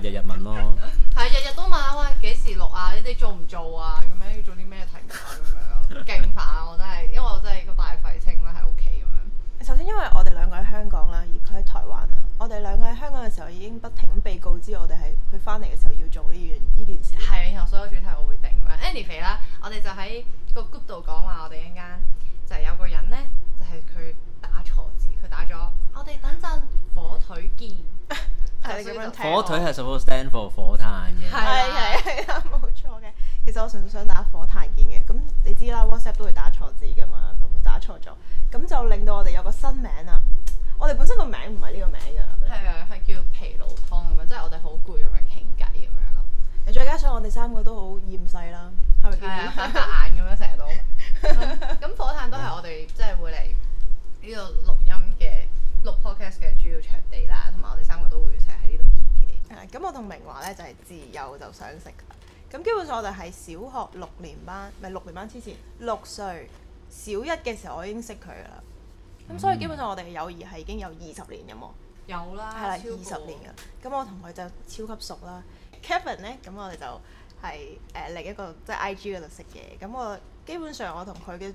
日日問咯，係日日都問，喂幾時錄啊？你哋做唔做啊？咁樣要做啲咩題目咁樣，勁煩啊！我真係，因為我真係個大廢青啦，喺屋企咁樣 首先因為我哋兩個喺香港啦，而佢喺台灣啊。我哋兩個喺香港嘅時候已經不停被告知，我哋係佢翻嚟嘅時候要做呢樣呢件事。係，然 後樂、嗯、所有主題我會定咁樣 Annie 肥啦，我哋就喺個 group 度講話，我哋一間就係有個人咧，就係、是、佢打錯字，佢打咗我哋等陣火腿見。 樣火腿係 supposed stand for 火炭嘅，係係係啊，冇的的錯嘅。其實我純粹想打火炭鍵嘅，咁你知啦，WhatsApp 都會打錯字㗎嘛，咁打錯咗，咁就令到我哋有個新名啊。我哋本身名個名唔係呢個名㗎，係係係叫疲勞湯咁樣，即係我哋好攰咁樣傾偈咁樣咯。再加上我哋三個都好厭世啦，係咪？係啊的， 眼咁樣成日都。咁 火炭都係我哋即係會嚟呢度錄音嘅。六 podcast 嘅主要場地啦，同埋我哋三個都會成日喺呢度見嘅。咁、uh, 我同明華呢，就係、是、自幼就想識噶啦。咁基本上我哋係小學六年班，唔係六年班之前六歲，小一嘅時候我已經識佢啦。咁、嗯、所以基本上我哋嘅友誼係已經有二十年咁喎。有啦，係啦對，二十過年啊！咁我同佢就超級熟啦。Kevin 呢，咁我哋就係誒另一個即係、就是、IG 嗰度識嘢。咁我基本上我同佢嘅。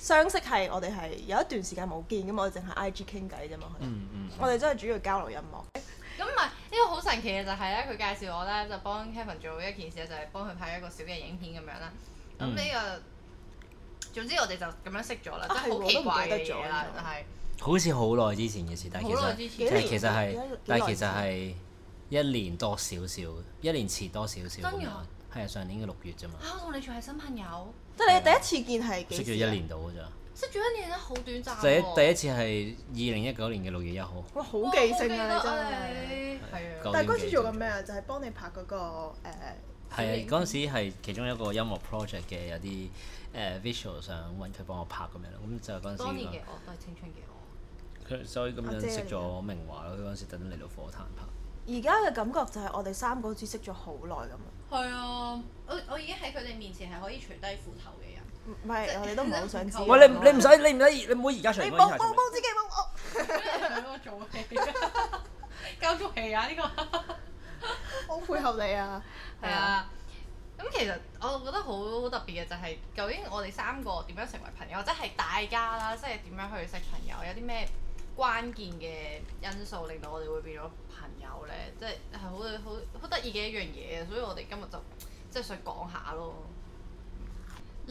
相識係我哋係有一段時間冇見咁，我淨係 IG 傾偈啫嘛。嗯。我哋真係主要交流音樂。咁唔係呢個好神奇嘅就係咧，佢介紹我咧，就幫 Kevin 做一件事，就係幫佢拍一個小嘅影片咁樣啦。嗯。咁呢個，總之我哋就咁樣識咗啦，真係好奇怪嘅嘢啦，就係。好似好耐之前嘅事，但係其實係但係其實係一年多少少，一年遲多少少咁真嘅。係啊，上年嘅六月啫嘛。啊，我同你仲係新朋友。即你第一次見係，識咗一年度嘅咋。識咗一年咧，好短暫、啊、第一第一次係二零一九年嘅六月一號。哇，好記性啊！啊你真係。係啊。但係嗰陣時做緊咩啊？就係幫你拍嗰、那個誒。係、呃、啊，嗰陣時係其中一個音樂 project 嘅有啲誒、呃、visual，想揾佢幫我拍咁樣咯。咁就嗰陣時、這個。當年嘅我，都係青春嘅我。佢所以咁樣識咗明華咯。嗰陣啡時特登嚟到火炭拍。而家嘅感覺就係我哋三個好似識咗好耐咁咯。係啊，我我已經喺佢哋面前係可以除低褲頭嘅人。唔係，我哋都唔好想知。喂，你你唔使，你唔使，你唔好而家除低。冇冇冇自己冇我。做戲，教做戲啊！呢、呢個好 配合你啊。係啊。咁、啊、其實我覺得好好特別嘅就係，究竟我哋三個點樣成為朋友，或者係大家啦，即係點樣去識朋友，有啲咩關鍵嘅因素令到我哋會變咗？朋友咧，即係係好好好得意嘅一樣嘢。所以我哋今日就即係想講下咯。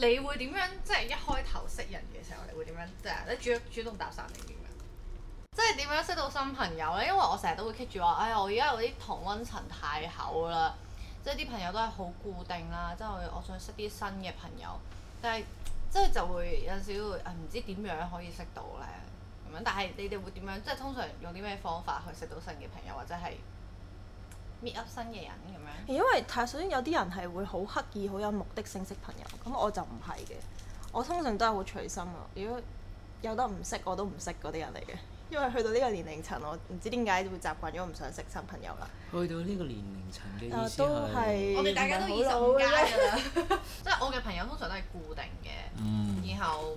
你會點樣？即係一開頭識人嘅時候，你會點樣？即係你主主動搭訕定點樣？ 即係點樣識到新朋友呢？因為我成日都會 keep 住話，哎呀，我而家有啲同溫層太厚啦，即係啲朋友都係好固定啦，即係我想識啲新嘅朋友，但係即係就會有少少唔知點樣可以識到呢。但係你哋會點樣？即係通常用啲咩方法去識到新嘅朋友，或者係 meet up 新嘅人咁樣？因為首先有啲人係會好刻意、好有目的性識朋友，咁我就唔係嘅。我通常都係好隨心嘅。如果有得唔識，我都唔識嗰啲人嚟嘅。因為去到呢個年齡層，我唔知點解會習慣咗唔想識新朋友啦。去到呢個年齡層嘅意思係，呃、我哋大家都已經好老㗎啦。即係我嘅朋友通常都係固定嘅，然、嗯、後。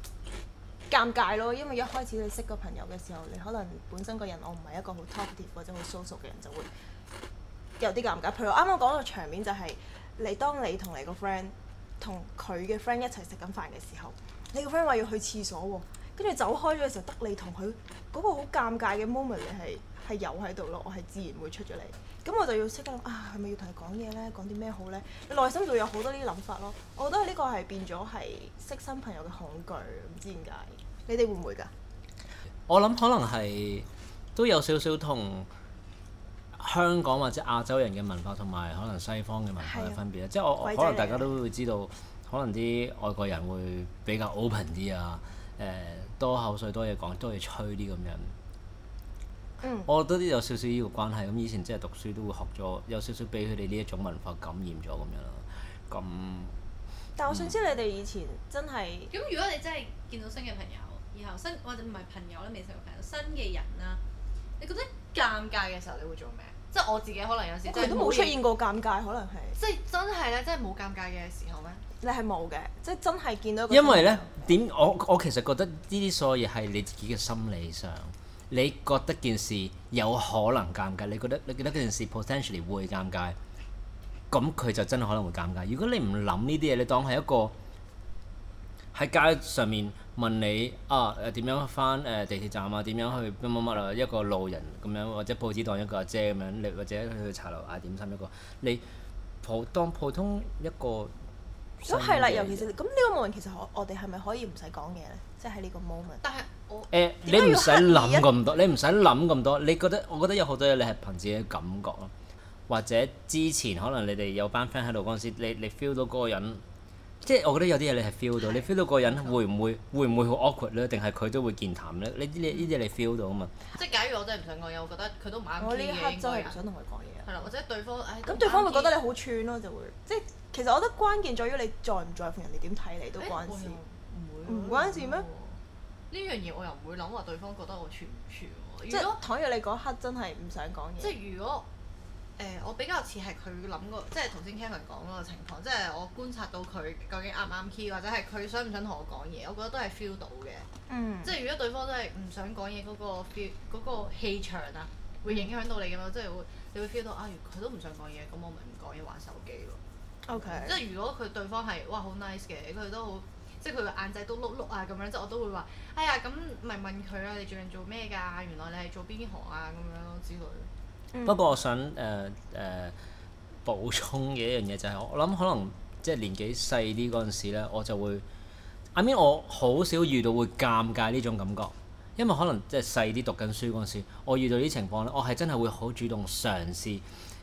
尷尬咯，因為一開始你識個朋友嘅時候，你可能本身個人我唔係一個好 talkative 或者好 social 嘅人，就會有啲尷尬。譬如我啱啱講個場面就係，你當你同你個 friend 同佢嘅 friend 一齊食緊飯嘅時候，你個 friend 話要去廁所喎，跟住走開咗嘅時候，得你同佢嗰個好尷尬嘅 moment 你係係有喺度咯，我係自然會出咗嚟。咁我就要識得，啊，係咪要同佢講嘢咧？講啲咩好咧？內心就有好多啲諗法咯。我覺得呢個係變咗係識新朋友嘅恐懼，唔知點解。你哋會唔會噶？我諗可能係都有少少同香港或者亞洲人嘅文化同埋可能西方嘅文化嘅分別啦。的即係我仔可能大家都會知道，可能啲外國人會比較 open 啲啊，誒、呃、多口水多嘢講多嘢吹啲咁樣。嗯、我覺得都有少少呢個關係。咁以前即係讀書都會學咗有少少俾佢哋呢一種文化感染咗咁樣啦。咁，但係我想知你哋以前真係咁，嗯、如果你真係見到新嘅朋友。以後新或者唔係朋友都未成為朋友新嘅人啦、啊，你覺得尷尬嘅時候你會做咩？即係我自己可能有時即係都冇出現過尷尬，可能係即係真係咧，真係冇尷尬嘅時候咩？你係冇嘅，即係真係見到。因為咧點我我其實覺得呢啲所有嘢係你自己嘅心理上，你覺得件事有可能尷尬，你覺得你覺得件事 potentially 會尷尬，咁佢就真係可能會尷尬。如果你唔諗呢啲嘢，你當係一個。喺街上面問你啊，誒，點樣翻誒地鐵站啊，點樣去乜乜乜啊，一個路人咁樣，或者報紙檔一個阿姐咁樣，你或者去茶樓啊，點心一個你普當普通一個都係啦，尤其是咁呢個 moment 其實我哋係咪可以唔使講嘢咧？即係呢個 moment。但係我，欸，你唔使諗咁多，你唔使諗咁多。你覺得我覺得有好多嘢你係憑自己嘅感覺咯，或者之前可能你哋有班 friend 喺度嗰陣時你你 feel 到嗰個人。即係我覺得有啲嘢你係 feel 到，你 feel 到個人會唔會會唔會好 awkward 咧？定係佢都會健談咧？呢啲呢啲你 feel 到啊嘛！即係假如我真係唔想講嘢，我覺得佢都唔啱傾嘢。我呢一刻真係唔想同佢講嘢啊！係啦，或者對方唉咁對方會覺得你好串咯，就會即係其實我覺得關鍵在於你，你在唔在乎人哋點睇你都關、欸啊、關事，唔關事咩？呢樣嘢我又唔會諗話對方覺得我串唔串。即係倘若你嗰一刻真係唔想講嘢，即係如果。誒、欸，我比較似係佢諗過，即係頭先 Kevin 講嗰個情況，即係我觀察到佢究竟啱唔啱 key，或者係佢想唔想同我講嘢，我覺得都係 feel 到嘅。嗯、即係如果對方都係唔想講嘢嗰個 feel，嗰個氣場啊，會影響到你㗎嘛？嗯、即係會，你會 feel 到啊！佢都唔想講嘢，咁我咪唔講嘢玩手機咯、啊。OK。即係如果佢對方係哇好 nice 嘅，佢都好，即係佢個眼仔都碌碌啊咁樣，即我都會話：哎呀，咁咪問佢啊，你最近做咩㗎？原來你係做邊行啊？咁樣之類。嗯、不過我、呃呃就係，我想誒誒補充嘅一樣嘢就係，我諗可能即係年紀細啲嗰陣時咧，我就會阿 I mean, 我好少遇到會尷尬呢種感覺，因為可能即係細啲讀緊書嗰陣時，我遇到啲情況咧，我係真係會好主動嘗試誒誒、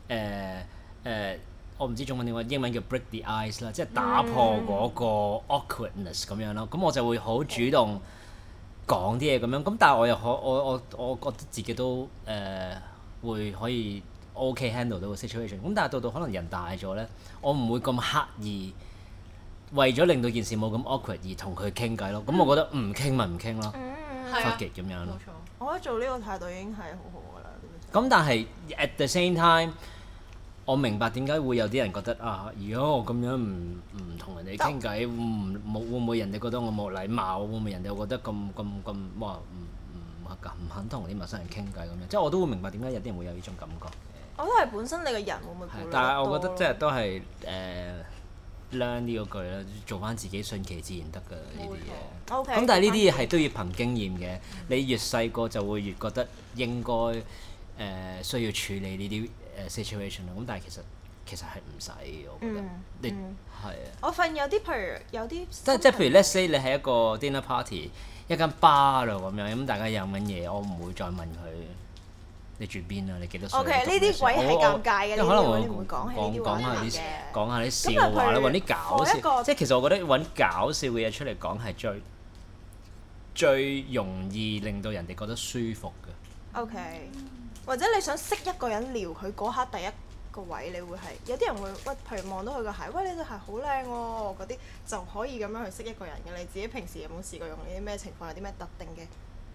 呃呃，我唔知中文點講，英文叫 break the ice 啦，即係打破嗰個 awkwardness 咁樣咯。咁、嗯、我就會好主動講啲嘢咁樣。咁但係我又可我我我，我覺得自己都誒，呃會可以 OK handle 到個 situation，咁但係到到可能人大咗咧，我唔會咁刻意為咗令到件事冇咁 awkward 而同佢傾偈咯。咁、嗯嗯、我覺得唔傾咪唔傾咯 forget 咁樣。冇錯、啊、我覺得做呢個態度已經係好好㗎啦。咁、嗯、但係 at the same time，我明白點解會有啲人覺得啊，如果我咁樣唔唔同人哋傾偈，唔冇但 會唔會，會人哋覺得我冇禮貌？會唔會人哋覺得咁咁咁哇？咁肯同啲陌生人傾偈咁樣，即係我都會明白點解有啲人會有呢種感覺嘅。我都係本身你個人冇問題，但係我覺得即係都係誒 learn 呢個句啦，做翻自己，順其自然得㗎啦呢啲嘢。O K。咁錯但係呢啲嘢係都要憑經驗嘅。嗯、你越細個就會越覺得應該誒需要處理呢啲誒 situation。咁但係其實。其實係唔使我覺得你係啊。我發現有啲譬如有啲即即譬如 let's say 你喺一個 dinner party 一間 bar 度咁樣，咁大家飲緊嘢，我唔會再問佢你住邊啊，你幾多歲。OK，呢啲鬼係尷尬嘅，你唔好唔好講啲話題，講下啲笑話你揾啲搞笑。即係其實我覺得揾搞笑嘅嘢出嚟講係最最容易令到人哋覺得舒服嘅。O K，或者你想識一個人聊佢嗰刻第一個位你會係有啲人會喂，譬如望到佢個鞋，喂你對鞋好靚喎，嗰啲就可以咁樣去識一個人嘅。你自己平時有冇試過用啲咩情況，有啲咩特定嘅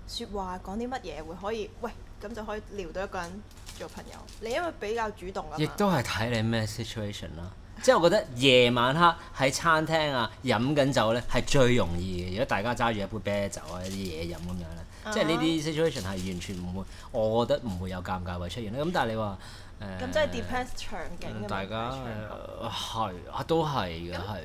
説話講啲乜嘢會可以？喂，咁就可以撩到一個人做朋友。你因為比較主動啊嘛。亦都係睇你咩 situation 啦， 即係我覺得夜晚黑喺餐廳啊飲緊酒咧係最容易嘅。如果大家揸住一杯啤酒啊啲嘢飲咁樣咧，即係呢啲 situation 係完全唔會，uh huh. 我覺得唔會有尷尬位出現咧。咁但係你話。咁即係 depends 場景嘅，大家係啊，都係嘅，係。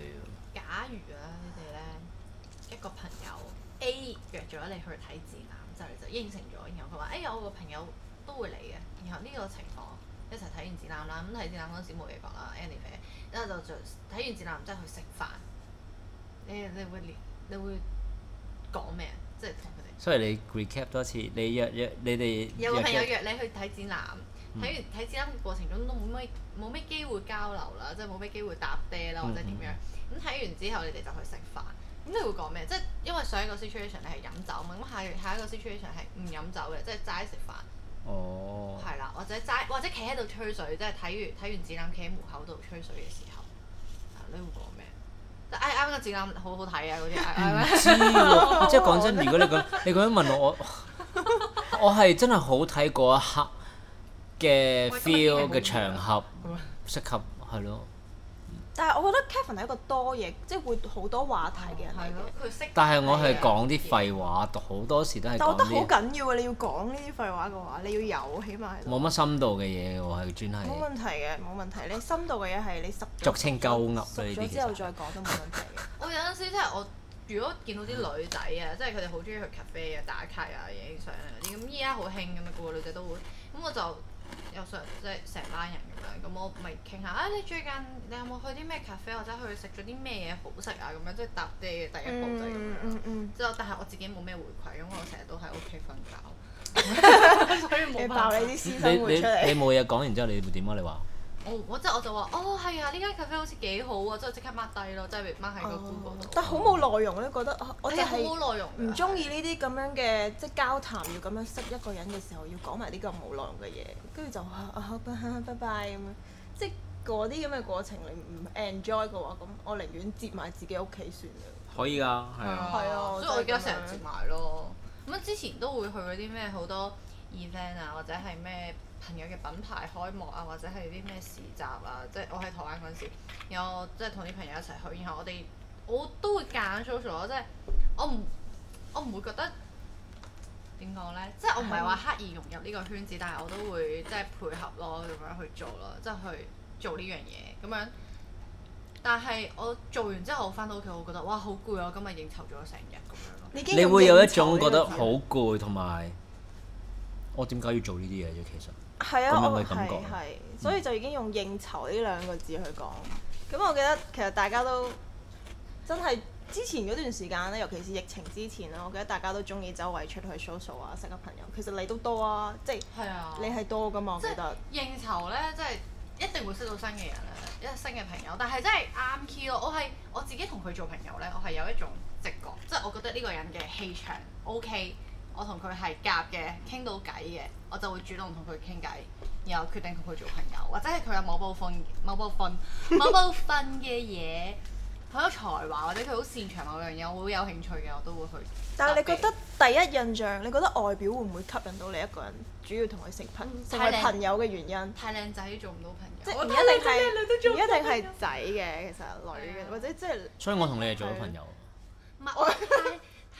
假如啊，你哋咧一個朋友 A 約咗你去睇展覽，之後就應承咗，然後佢話：哎，有個朋友都會嚟嘅。然後呢個情況一齊睇完展覽啦，咁睇展覽嗰陣時冇嘢講啦，anyway，之後就就睇完展覽，完展覽即係去食飯，你你會你會講咩？即係同佢哋。所以你 recap 多次，你約約你哋有個朋友約你去睇展覽。睇完睇展覽過程中都冇咩冇咩機會交流啦，即係冇咩機會搭嗲啦，或者點樣？咁睇、嗯、完之後，你哋就去食飯。咁你會講咩？即係因為上一個 situation 你係飲酒嘛，咁、嗯、下下一個 situation 係唔飲酒嘅，即係齋食飯。哦。係啦，或者齋或者企喺度吹水，即係睇完睇完展覽企喺門口度吹水嘅時候，啊，你會講咩？就啱個展覽好好睇啊！嗰、那、啲、個、唔知喎。即係講真， 如果你講 你咁樣問我，我係真係好睇嗰一刻嘅 feel 嘅場合適合係咯，但係我覺得 Kevin 係一個多嘢，即係會好多話題嘅人嚟嘅。但係我係講啲廢話，好多時都係。但係我覺得好緊要啊！你要講呢啲廢話嘅話，你要有起碼。冇乜深度嘅嘢喎，係專係。冇問題嘅，冇問題。你深度嘅嘢係你熟，俗稱夠噏熟咗之後再講都冇問題嘅。我有陣時即係我如果見到啲女仔啊，即係佢哋好中意去 cafe 啊、打卡啊、影相啊嗰啲，咁依家好興咁啊，個個女仔都會，咁我就。即係成班人咁樣，咁我咪傾下啊！你最近你有冇去啲咩咖啡，或者去食咗啲咩嘢好食啊？咁樣即搭地嘅第一步就係咁樣。嗯嗯嗯。即、嗯嗯、但係我自己冇咩回饋，因為我成日都喺屋企瞓覺， 所以冇。爆你啲私生活出嚟。你冇嘢講完之後，你會點啊？你話？我即係我就話，哦係啊，呢間咖啡好似幾好啊，即係即刻 mark 低咯，即係 mark 喺個本嗰度。但好冇內容咧，覺得我真係好冇內容。唔中意呢啲咁樣嘅即係交談，要咁樣識一個人嘅時候，要講埋啲咁冇內容嘅嘢，跟住就話啊好、啊、拜，拜，拜拜咁樣，即係嗰啲咁嘅過程，你唔 enjoy 嘅話，咁我寧願接埋自己屋企算啦。可以㗎，係啊，係啊，所以我而家成日接埋咯。咁啊、嗯，之前都會去嗰啲咩好多 event 啊，或者係咩？朋友嘅品牌開幕啊，或者係啲咩市集啊，即係我喺台灣嗰陣時，然後即係同啲朋友一齊去，然後我哋我都會揀 social，即係我唔我唔會覺得點講呢？即係我唔係話刻意融入呢個圈子，的但係我都會即係配合咯咁樣去做咯，即係去做呢樣嘢咁樣。但係我做完之後，我翻到屋企，我覺得哇好攰啊！今日應酬咗成日咁樣咯。你，你會有一種覺得好攰同埋我點解要做呢啲嘢啫？其實。係啊，我係係，所以就已經用應酬呢兩個字去講。咁我記得其實大家都真係之前嗰段時間咧，尤其是疫情之前啦，我記得大家都中意周圍出去 social 啊，識個朋友。其實你都多啊，即係、啊、你係多噶嘛。是我覺得應酬咧，真係一定會識到新嘅人啊，一係新嘅朋友。但係真係啱 key 咯。我係我自己同佢做朋友咧，我係有一種直覺，即係我覺得呢個人嘅氣場 OK。我同佢係夾嘅，傾到偈嘅，我就會主動同佢傾偈，然後決定同佢做朋友。或者係佢有某部分、某部分、某部分嘅嘢，佢有才華或者佢好擅長某樣嘢，我好有興趣嘅，我都會去。但係你覺得第一印象，你覺得外表會唔會吸引到你一個人？主要同佢成朋，同佢朋友嘅原因。太靚仔做唔到朋友。即係唔一定係，唔一定係仔嘅，其實女嘅，或者即係。所以我同你係做咗朋友。唔係我。係靚，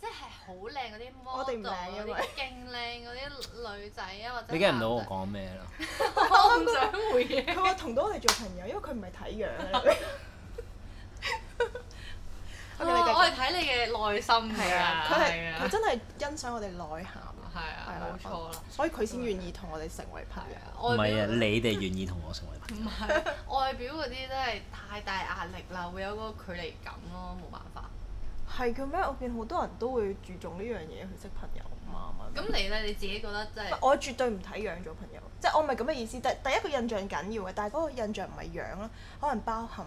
即係好靚嗰啲 model，嗰啲勁靚嗰啲女仔啊，或者你跟唔到我講咩啦？我唔想回應。佢話同到我哋做朋友，因為佢唔係睇樣。我係睇你嘅內心。係啊。係啊。佢真係欣賞我哋內涵。係啊。冇錯啦。所以佢先願意同我哋成為朋友。唔係啊！你哋願意同我成為朋友。唔係外表嗰啲真係太大壓力啦，會有個距離感咯，冇辦法。係嘅咩？我見好多人都會注重呢樣嘢去識朋友嘛，嘛，咁你咧你自己覺得真係 我絕對唔睇樣做朋友，即係我唔係咁嘅意思。第第一個印象緊要嘅，但係嗰個印象唔係樣啦，可能包含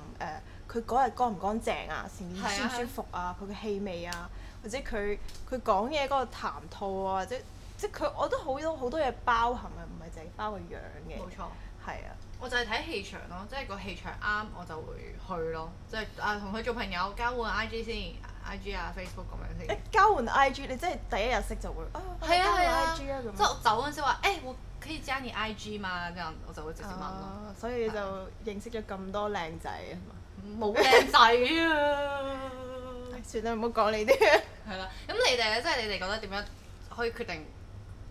誒佢嗰日乾唔乾淨啊，成件舒唔舒服啊，佢嘅、啊、氣味啊，或者佢佢講嘢嗰個談吐啊，或者即即係佢，我覺得好多好多嘢包含嘅，唔係淨係包佢樣嘅。冇錯。係啊，我就係睇氣場咯，即係個氣場啱我就會去咯，即係啊同佢做朋友，交換 I G 先，I G 啊 Facebook 咁樣先。誒，交換 I G，你即係第一日識就會啊，交換 I G 啊咁。即係我走嗰陣時話，誒、欸，我可以加你 I G 嘛？咁樣我就會直接問咯。所以就認識咗咁多靚仔啊。冇靚仔啊！ 算啦，唔好講你啲。係 啦，咁你哋啊，即係你哋覺得點樣可以決定？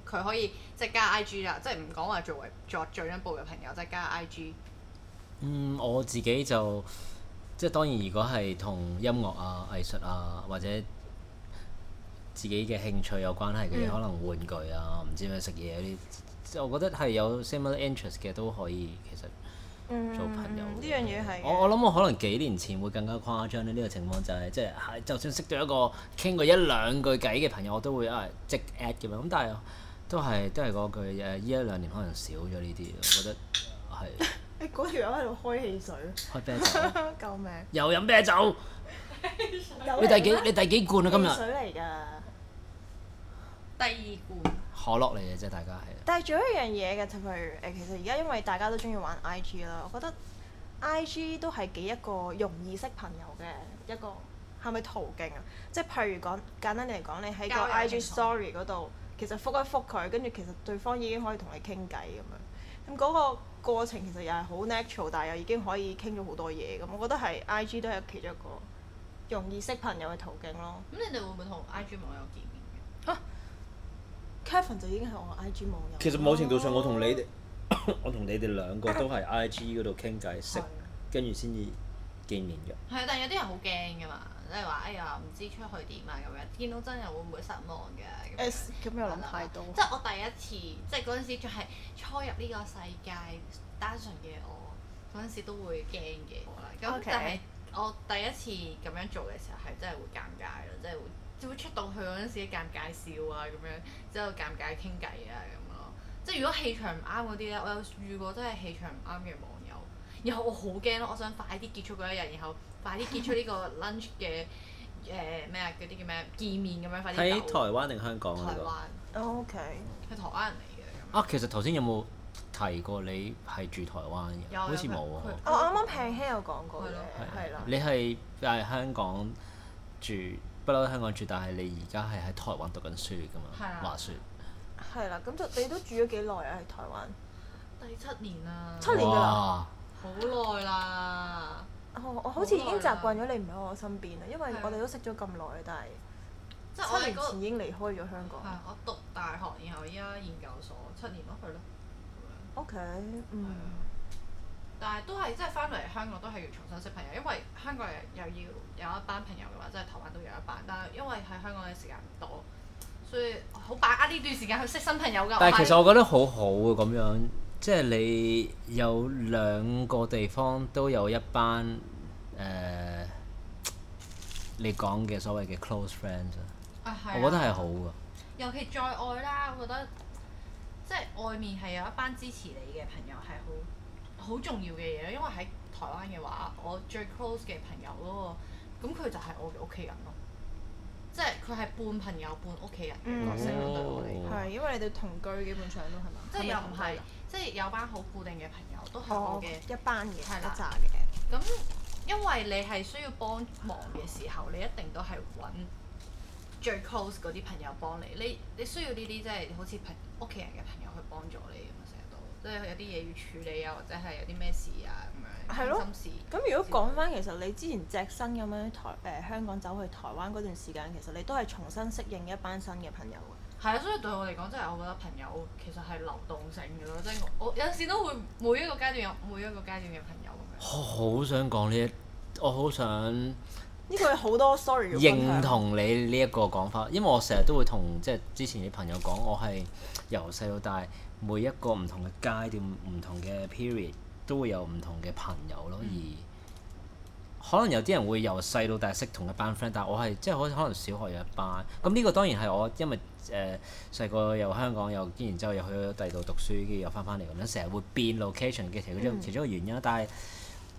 佢可以即係加 I G 啦，即係唔講話作為作進一步嘅朋友，即係加 I G。嗯，我自己就即係當然，如果係同音樂啊、藝術啊或者自己嘅興趣有關係嘅，嗯、可能玩具啊、唔知咩食嘢啲，即係我覺得係有 similar interest 嘅都可以，其實做朋友呢樣嘢係我我諗我可能幾年前會更加誇張啲，呢、呢個情況就係、是、即係就算識咗一個傾過一兩句偈嘅朋友，我都會啊即 at 咁樣，咁但係。都係都係嗰句誒，依一兩年可能少咗呢啲，我覺得係。誒，嗰條友喺度開汽水。開啤酒。 救命！又飲啤酒。 你第幾？你第幾罐啊？今日。汽水嚟㗎。第二罐。可樂嚟嘅，即係大家係。但係仲有一樣嘢嘅，就譬如誒，其實而家因為大家都中意玩 IG 啦，我覺得 IG 都係幾一個容易識朋友嘅一個係咪 途徑啊？即係譬如講簡單嚟講，你喺個 IG Story 嗰度。其實覆一覆佢，跟住其實對方已經可以同你傾偈咁樣。咁、那、嗰個過程其實又係好 natural，但係又已經可以傾咗好多嘢。咁我覺得係 I G 都係其中一個容易識朋友嘅途徑咯。咁你哋會唔會同 I G 網友見面？啊、Kevin 就已經係我 I G 網友。其實某程度上我、啊， 我同你哋，我同你哋兩個都係 I G 嗰度傾偈識，的跟住先至見面嘅。係啊，但係有啲人好驚㗎嘛～即係話，哎呀，唔知出去點啊咁樣，見到真人會唔會失望嘅咁樣？欸、咁樣又諗太多。即係、就是、我第一次，即係嗰陣時仲係初入呢個世界，單純嘅我嗰陣時都會驚嘅啦。咁 Okay. 但係我第一次咁樣做嘅時候，係真係會尷尬咯，即、就、係、是、會就會出到去嗰陣時尷尬笑啊咁樣，之後尷尬傾偈啊咁咯。即係、就是、如果氣場唔啱嗰啲咧，我有遇過真係氣場唔啱嘅網友，然後我好驚咯，我想快啲結束嗰一日，然後。快啲結束呢個 lunch 嘅誒咩啊？嗰啲叫咩？見面咁樣快啲。喺台灣定香港？台灣。O K。係台灣人嚟嘅。啊，其實頭先有冇提過你係住台灣嘅？有。好似冇啊。我啱啱 pairing 有講過嘅。係咯。係啦。你係誒香港住，不嬲香港住，但係你而家係喺台灣讀緊書㗎嘛？係啊。話説。係啦，咁就你都住咗幾耐啊？喺台灣。第七年啦。七年㗎啦。好耐啦～哦，我好似已經習慣咗你唔喺我身邊啦，因為我哋都識咗咁耐，但係七年前已經離開咗香港我、嗰個。我讀大學，然後依家研究所七年咯，去咯。OK，嗯。但係都係，即係翻嚟香港都係要重新識朋友，因為香港人又要有一班朋友嘅話，即係台灣都有一班，但係因為喺香港嘅時間唔多，所以好把握呢段時間去識新朋友㗎。但係其實我覺得好好啊，咁樣。即係你有兩個地方都有一班誒、呃、你講嘅所謂嘅 close friends 啊，啊我覺得係好㗎。尤其在外啦，我覺得即係外面係有一班支持你嘅朋友係好好重要嘅嘢，因為喺台灣嘅話，我最 close 嘅朋友嗰個，咁佢就係我嘅屋企人咯。即係佢係半朋友半屋企人咁樣、嗯、對我哋、嗯，因為你哋同居基本上都係嘛，即係又唔係。係。即係有班好固定嘅朋友都係我嘅、哦、一班嘢，係啦，一紮嘅。咁因為你係需要幫忙嘅時候，你一定都係揾最 close 嗰啲朋友幫你。你你需要呢啲即係好似平屋企人嘅朋友去幫助你，咁成日都即係有啲嘢要處理啊，或者係有啲咩事啊咁樣。係咯了。咁事如果講返其實你之前隻身咁樣台誒、呃、香港走去台灣嗰段時間，其實你都係重新適應一班新嘅朋友。係啊，所以對我嚟講，真係我覺得朋友其實係流動性嘅咯，即係我有陣時都會每一個階段有每一個階段嘅朋友咁樣。好想講呢一，我好想呢個係好多 sorry。認同你呢一個講法，因為我成日都會同即係之前啲朋友講，我係由細到大每一個唔同嘅階段，唔同嘅 period 都會有唔同嘅朋友咯，嗯、而。可能有啲人會由細到大識同一班 friend，但係我係即係可可能小學有一班咁，呢個當然係我因為誒細個又香港又然之後又去咗第二度讀書，跟住又翻翻嚟咁樣，成日會變 location 嘅其中其中嘅原因。嗯、但係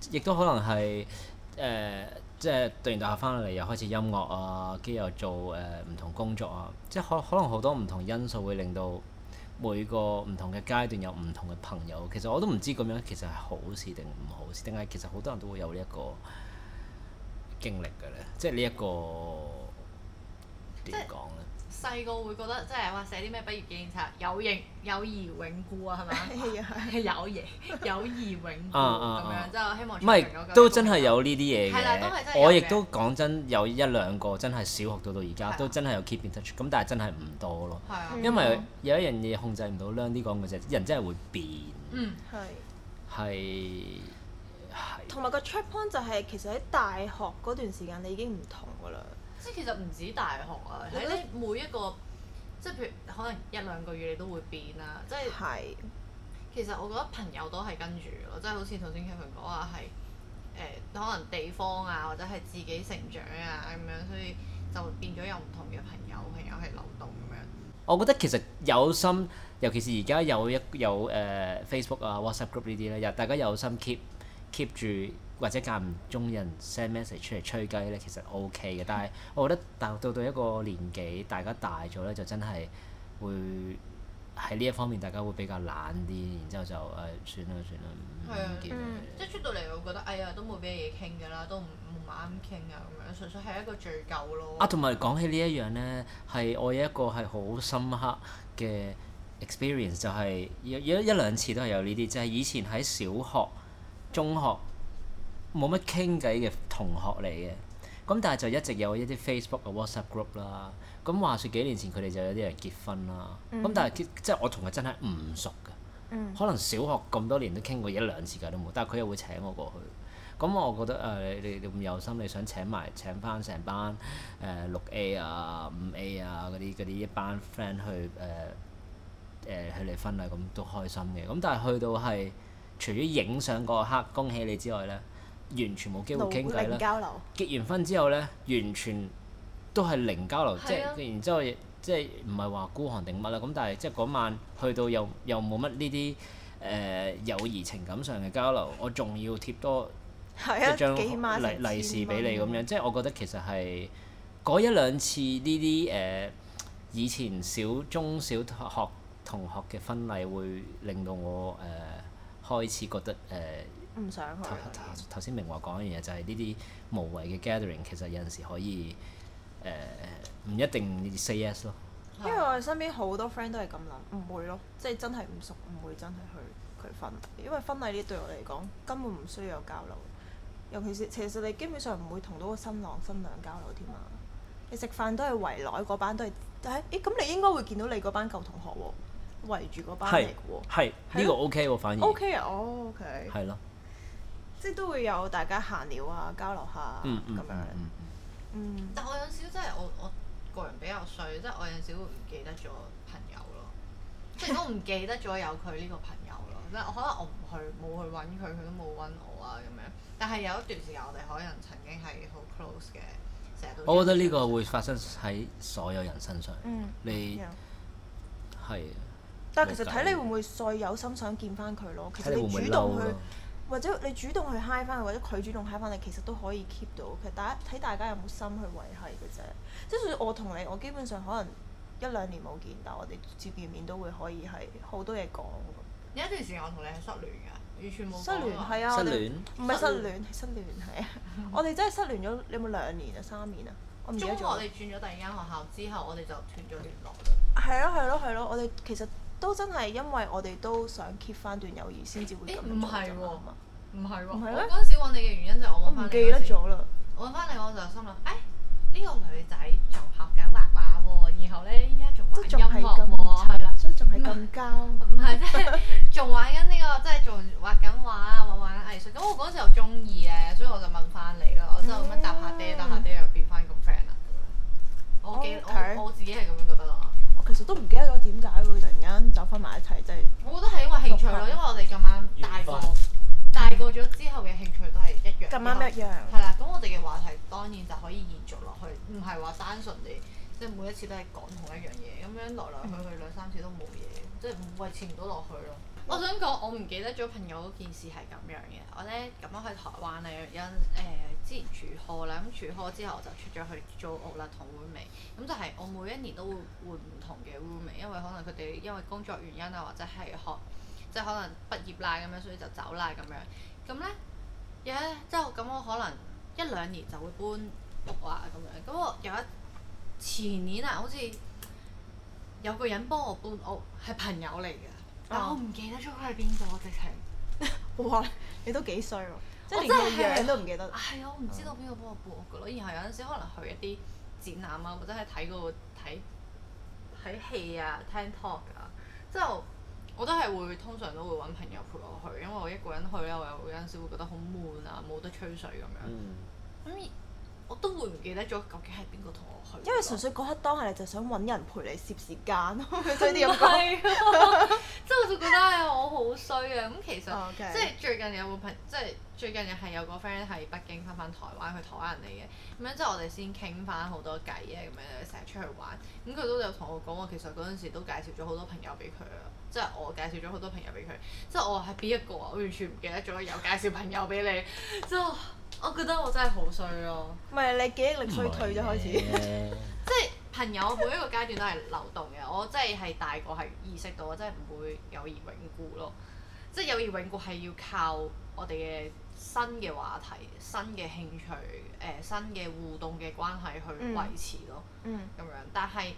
亦都可能係誒、呃、即係讀完大學翻嚟又開始音樂啊，跟住又做誒唔、呃、同工作啊，即係可可能好多唔同因素會令到每個唔同嘅階段有唔同嘅朋友。其實我都唔知咁樣其實係好事定唔好事，定係其實好多人都會有呢、這、一個經歷嘅咧，即係、這個、呢一個點講咧？細個會覺得即係話寫啲咩畢業紀念冊，友誼友誼永固啊，係咪？係 啊，係友誼友誼永固咁樣，即希望。唔係都真係有呢啲嘢嘅。係啦，都係真係。我亦都講真，有一兩個真係小學到到而家都真係有 keep in touch，咁但係真係唔多咯。係啊的。因為有一樣嘢控制唔到啦，呢啲講嘅啫，人真係會變。嗯的，係。係。我個 trick point 就係其實喺大學嗰段時間，你已經唔同噶啦。即係其實唔止大學啊，係咧每一個，即係譬如可能一兩個月你都會變啦。即係其實我覺得朋友都係跟住咯，即、就、係、是、好似頭先 Kevin 講話係誒可能地方啊，或者係自己成長啊咁樣，所以就變咗有唔同嘅朋友，朋友係流動咁樣。我覺得其實有心，尤其是而家有一有誒、呃、Facebook 啊 WhatsApp group 呢啲咧，大家有心 keep keep 住或者間唔中人 send message 出嚟吹雞咧，其實 OK 嘅。嗯、但係我覺得到到到一個年紀，大家大咗咧，就真係會喺呢一方面，大家會比較懶啲。嗯、然之後就誒算啦，算啦，唔見啦。即係出到嚟，我覺得哎呀都冇咩嘢傾㗎啦，都唔唔啱傾啊咁樣，純粹係一個聚舊咯。啊，同埋講起一呢一樣咧，係我有一個係好深刻嘅 experience，就係有一兩次都係有呢啲，就係、係、以前喺小學。中學冇乜傾偈嘅同學嚟嘅，咁但係就一直有一啲 Facebook 嘅 WhatsApp group 啦。咁話説幾年前佢哋就有啲人結婚啦，咁、mm hmm. 但係即係我同佢真係唔熟嘅，mm hmm. 可能小學咁多年都傾過一兩次㗎都冇，但係佢又會請我過去。咁我覺得誒、呃、你你咁有心，你想請埋請翻成班誒六、呃、A 啊五 A 啊嗰啲啲一班 friend 去誒誒、呃呃、去你婚禮咁都開心嘅。咁但係去到係。除咗影相嗰刻恭喜你之外咧，完全冇機會傾偈啦。交流結完婚之後咧，完全都係零交流，啊、即係然之後即係唔係話孤寒定乜啦？咁但係即係嗰晚去到又又冇乜呢啲誒友誼情感上嘅交流，我仲要貼多幾張、啊、利利是俾你咁樣，即係我覺得其實係嗰一兩次呢啲誒以前小中小學同學嘅婚禮會令到我誒。呃呃開始覺得誒，唔、呃、想去。頭先明華講嘅嘢就係呢啲無謂嘅 gathering，其實有陣時可以誒，唔、呃、一定 say yes 咯。因為我哋身邊好多 friend 都係咁諗，唔會咯，即係真係唔熟，唔會真係去佢婚，因為婚禮呢對我嚟講根本唔需要有交流。尤其是其實你基本上唔會同到個新郎新娘交流添啊！你食飯都係圍內嗰班都，都係誒，咁你應該會見到你班舊同學、啊圍住個班嚟嘅呢個 OK 喎，反而 OK 啊，OK 係咯，即係都會有大家閒聊啊，交流下咁樣。嗯，但我有陣時真係我我個人比較衰，即係我有陣時會唔記得咗朋友咯，即係都唔記得咗有佢呢個朋友咯。即係我可能我唔去冇去揾佢，佢都冇揾我啊咁樣。但係有一段時間，我哋可能曾經係好 close 嘅。成日都我覺得呢個會發生喺所有人身上。嗯，你係。但係其實睇你會唔會再有心想見翻佢咯？其實你主動去，或者你主動去嗨 i 翻佢，或者佢主動嗨 i 翻你，其實都可以 keep 到。其實大睇大家有冇心去維繫嘅啫。即係我同你，我基本上可能一兩年冇見，但係我哋接見面都會可以係好多嘢講。有一段時間我同你係失聯㗎，完全冇。失聯係啊！失哋唔係失聯，失聯係啊！我哋真係失聯咗。你有冇兩年啊？三年啊？我唔記得咗。我哋轉咗第二間學校之後，我哋就斷咗聯絡。係咯係咯係咯！我哋、啊啊啊啊啊啊、其實～都真係因為我哋都想 keep 翻段友誼，先至會咁。唔係喎，唔係喎。嗰、啊啊、時揾你嘅原因就我唔記得咗啦。揾翻你我就心諗，誒、欸、呢、這個女仔仲學緊畫畫喎，然後咧依家仲玩音樂喎，係啦，所以仲係咁交。唔係，仲玩緊、這、呢個，即係仲畫緊畫啊，玩玩藝術。咁我嗰陣時候中意咧，所以我就問翻你啦，我就咁樣搭下爹搭、嗯、下爹，又變翻咁 friend 啦。我記，嗯嗯、我我自己係咁樣覺得啦。其實都唔記得咗點解會突然間走翻埋一齊，即係我覺得係因為興趣咯，客因為我哋咁啱大個分大個咗之後嘅興趣都係一樣咁啱一樣，係啦。咁我哋嘅話題當然就可以延續落去，唔係話單純地即係每一次都係講同一樣嘢，咁樣來來去去兩三次都冇嘢，嗯、即係維持唔到落去咯。我想講，我唔記得咗朋友嗰件事係咁樣嘅。我咧咁樣去台灣咧，因誒、呃、之前住殼啦，咁住殼之後我就出咗去租屋啦同 roommate 咁就係我每一年都會換唔同嘅 roommate 因為可能佢哋因為工作原因啊，或者係學即係、就是、可能畢業啦咁樣，所以就走啦咁樣。咁咧，嘢咧，之後咁我可能一兩年就會搬屋啊咁樣。咁我有一前年啊，好似有個人幫我搬屋，係朋友嚟嘅。但我唔、哦、記得咗佢係邊個我直情，哇！你都幾衰喎，即係、哦、連個樣都唔記得。係、哦、啊，我唔知道邊個幫我播嘅咯。哦、然後有陣時可能去一啲展覽啊，或者係睇個睇睇戲啊、聽 talk 啊，之後我都係會通常都會揾朋友陪我去。因為我一個人去咧，我有陣時會覺得好悶啊，冇得吹水咁樣。咁、嗯。嗯我都會唔記得咗究竟係邊個同我去。因為純粹嗰刻當下你就想揾人陪你攝時間，佢以啲咁講。即係我就覺得我好衰啊！咁其實 Okay. 即係最近有冇朋，即係最近又係有個 friend 喺北京翻返台灣去台灣人嚟嘅。咁樣即係我哋先傾翻好多偈啊！咁樣成日出去玩，咁佢都有同我講話，其實嗰陣時都介紹咗好多朋友俾佢啊。即係我介紹咗好多朋友俾佢。即係我係邊一個啊？我完全唔記得咗有介紹朋友俾你。真係 ～我覺得我真係好衰咯，唔係你記憶力衰退咗開始是、啊、 即係朋友每一個階段都係流動嘅。我真係係大個係意識到，我真係唔會友誼永固咯。即係友誼永固係要靠我哋嘅新嘅話題、新嘅興趣、誒、呃、新嘅互動嘅關係去維持咯，咁、嗯、樣。但係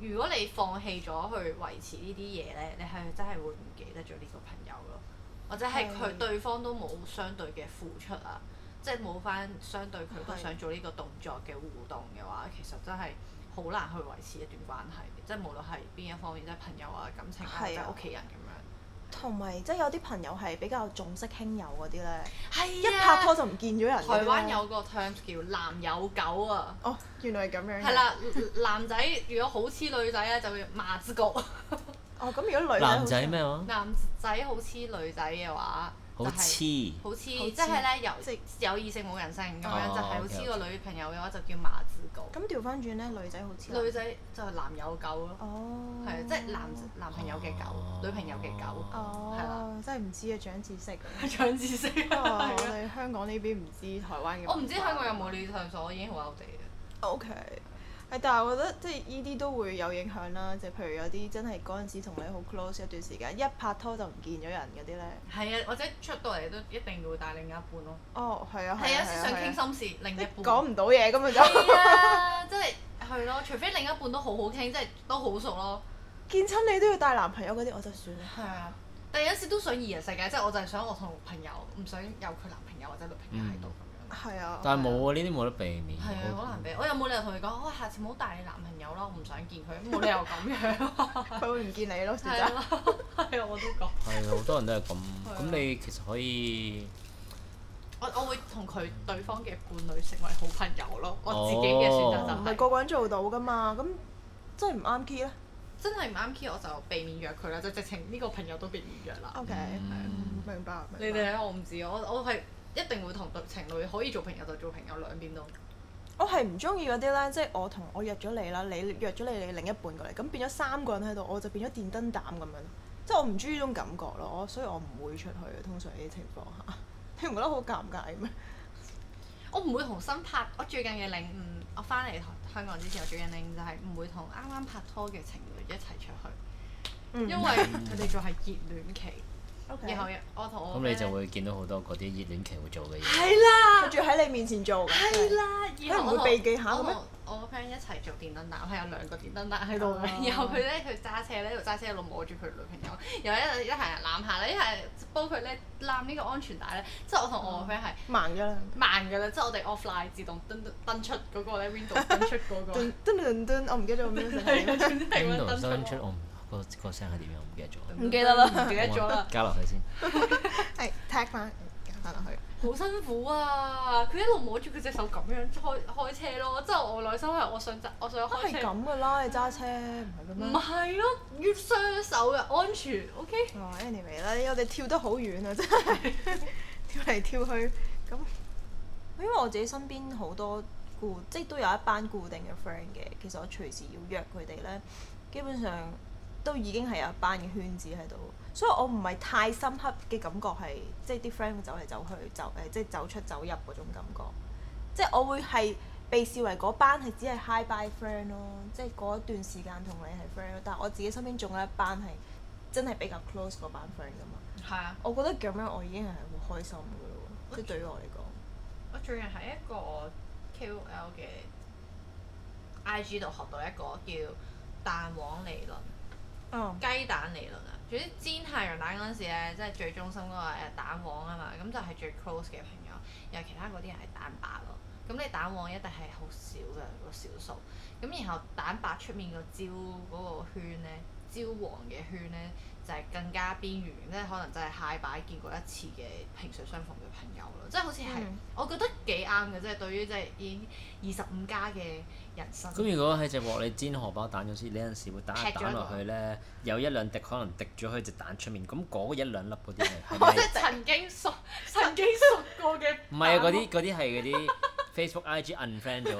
如果你放棄咗去維持呢啲嘢呢，你係真係會唔記得咗呢個朋友咯，或者係佢對方都冇相對嘅付出啊？即係冇翻相對佢都想做呢個動作嘅互動嘅話，其實真係好難去維持一段關係。即係無論係邊一方面，即係朋友啊、感情感啊、屋企人咁樣。同埋即係有啲朋友係比較重色輕友嗰啲咧，啊、一拍拖就唔見咗人。台灣有個 terms 叫男友狗啊。哦，原來係咁樣，啊。係啦，男仔如果好黐女仔咧，就會麻之局。哦，咁如果女仔男仔咩、啊、男仔好黐女仔嘅話。好黐，好黐，即係咧，有性有異性冇人性咁樣，就係好黐個女朋友嘅話就叫馬子狗。咁調翻轉咧，女仔好黐。女仔就係男友狗咯，係啊，即係男男朋友嘅狗，女朋友嘅狗，哦，係啦。真係唔知啊，長知識。長知識啊！我哋香港呢邊唔知台灣嘅。我唔知香港有冇呢種數，我已經好 out 地啦。O K。係，但係我覺得即係依啲都會有影響啦。就譬如有啲真係嗰陣時同你好 close 一段時間，一拍拖就唔見咗人嗰啲咧。係啊，或者出到嚟都一定會帶另一半咯。哦，係啊，係啊。係有時想傾心事，另一半。講唔到嘢咁咪就。即係係咯，除非另一半都好好傾，即係都好熟咯。見親你都要帶男朋友嗰啲，我就算啦。係啊，但有時都想二人世界，即係我就係想我同朋友，唔想有佢男朋友或者女朋友喺度。係啊，但係冇啊，呢啲冇得避免。係啊，好難避。我又冇理由同佢講，下次唔好帶你男朋友咯，我唔想見佢，冇理由咁樣。佢會唔見你咯，選擇。係啊，我都講。係啊，好多人都係咁。咁你其實可以，我我會同佢對方嘅伴侶成為好朋友咯。我自己嘅選擇就唔係個個人做到㗎嘛？咁真係唔啱 key 咧，真係唔啱 key，我就避免約佢啦。就直情呢個朋友都避免約啦。OK，明白，你哋，我唔知我我係。一定會同對情侶可以做朋友就做朋友，兩邊都。我係唔中意嗰啲咧，即係我同我約咗你啦，你約咗你，你另一半過嚟，咁變咗三個人喺度，我就變咗電燈膽咁樣，即係我唔中意呢種感覺咯，所以我唔會出去。通常呢啲情況下，你唔覺得好尷尬咩？我唔會同新拍，我最近嘅領悟、嗯，我翻嚟香港之前，我最近領就係唔會同啱啱拍拖嘅情侶一齊出去，因為佢哋仲係熱戀期。嗯 然後我同我咁你就會見到好多嗰啲熱戀期會做嘅嘢，係啦，仲要喺你面前做，係啦，佢唔會避忌下。我我我 friend 一齊做電燈膽，係有兩個電燈膽喺度，然後佢咧，佢揸車咧，度揸車，一路摸住佢女朋友，然後一係一係攬下咧，一係幫佢咧攬呢個安全帶咧，即係我同我個 friend 係慢㗎啦，慢㗎啦，即係我哋 offline 自動登噔出嗰個咧 window 登出嗰個噔噔噔噔，我唔記得咗咩嘢。個個聲係點樣？唔記得咗。唔記得啦，唔記得咗啦。加落去先。係 tag 翻，加翻落去。 好辛苦啊！佢一路摸住佢隻手咁樣開開車咯。之後我內心係我想我想開車。係咁嘅啦，你揸車唔係咁咩？唔係咯，越雙手嘅安全。OK、哦。anyway 啦，我哋跳得好遠啊，真係 跳嚟跳去咁。因為我自己身邊好多固，即係都有一班固定嘅 friend 嘅，其實我隨時要約佢哋咧，基本上。都已經係有一班嘅圈子喺度，所以我唔係太深刻嘅感覺係，即係啲 friend 走嚟走去，就誒即係走出走入嗰種感覺。即係我會係被視為嗰班係只係 hi-bye friend 咯，即係嗰一段時間同你係 friend 咯。但係我自己身邊仲有一班係真係比較 close 嗰班 friend 㗎嘛。係啊。我覺得咁樣我已經係好開心㗎咯喎，即係對於我嚟講。我最近喺一個 K O L 嘅 I G 度學到一個叫彈簧理論。雞蛋理論啊，總之煎太陽蛋嗰陣時咧，即係最中心嗰個蛋黃啊嘛，咁就係最 close 嘅朋友，有其他嗰啲人係蛋白咯，咁你蛋黃一定係好少嘅、個少數，咁然後蛋白出面個焦嗰個圈咧，焦黃嘅圈咧。就係更加邊緣，即可能就係邂逅見過一次嘅萍水相逢嘅朋友咯，即係好似係、嗯、我覺得幾啱嘅，即係對於即係已經二十五加嘅人生。咁如果喺隻鑊你煎荷包蛋嗰陣時，你有陣時會打個蛋落去咧，有一兩滴可能滴咗去隻蛋出面，咁嗰一兩粒嗰啲咧，係咪？即係曾經熟曾經熟過嘅。唔係啊！嗰啲嗰啲係嗰啲。 Facebook IG unfriend 咗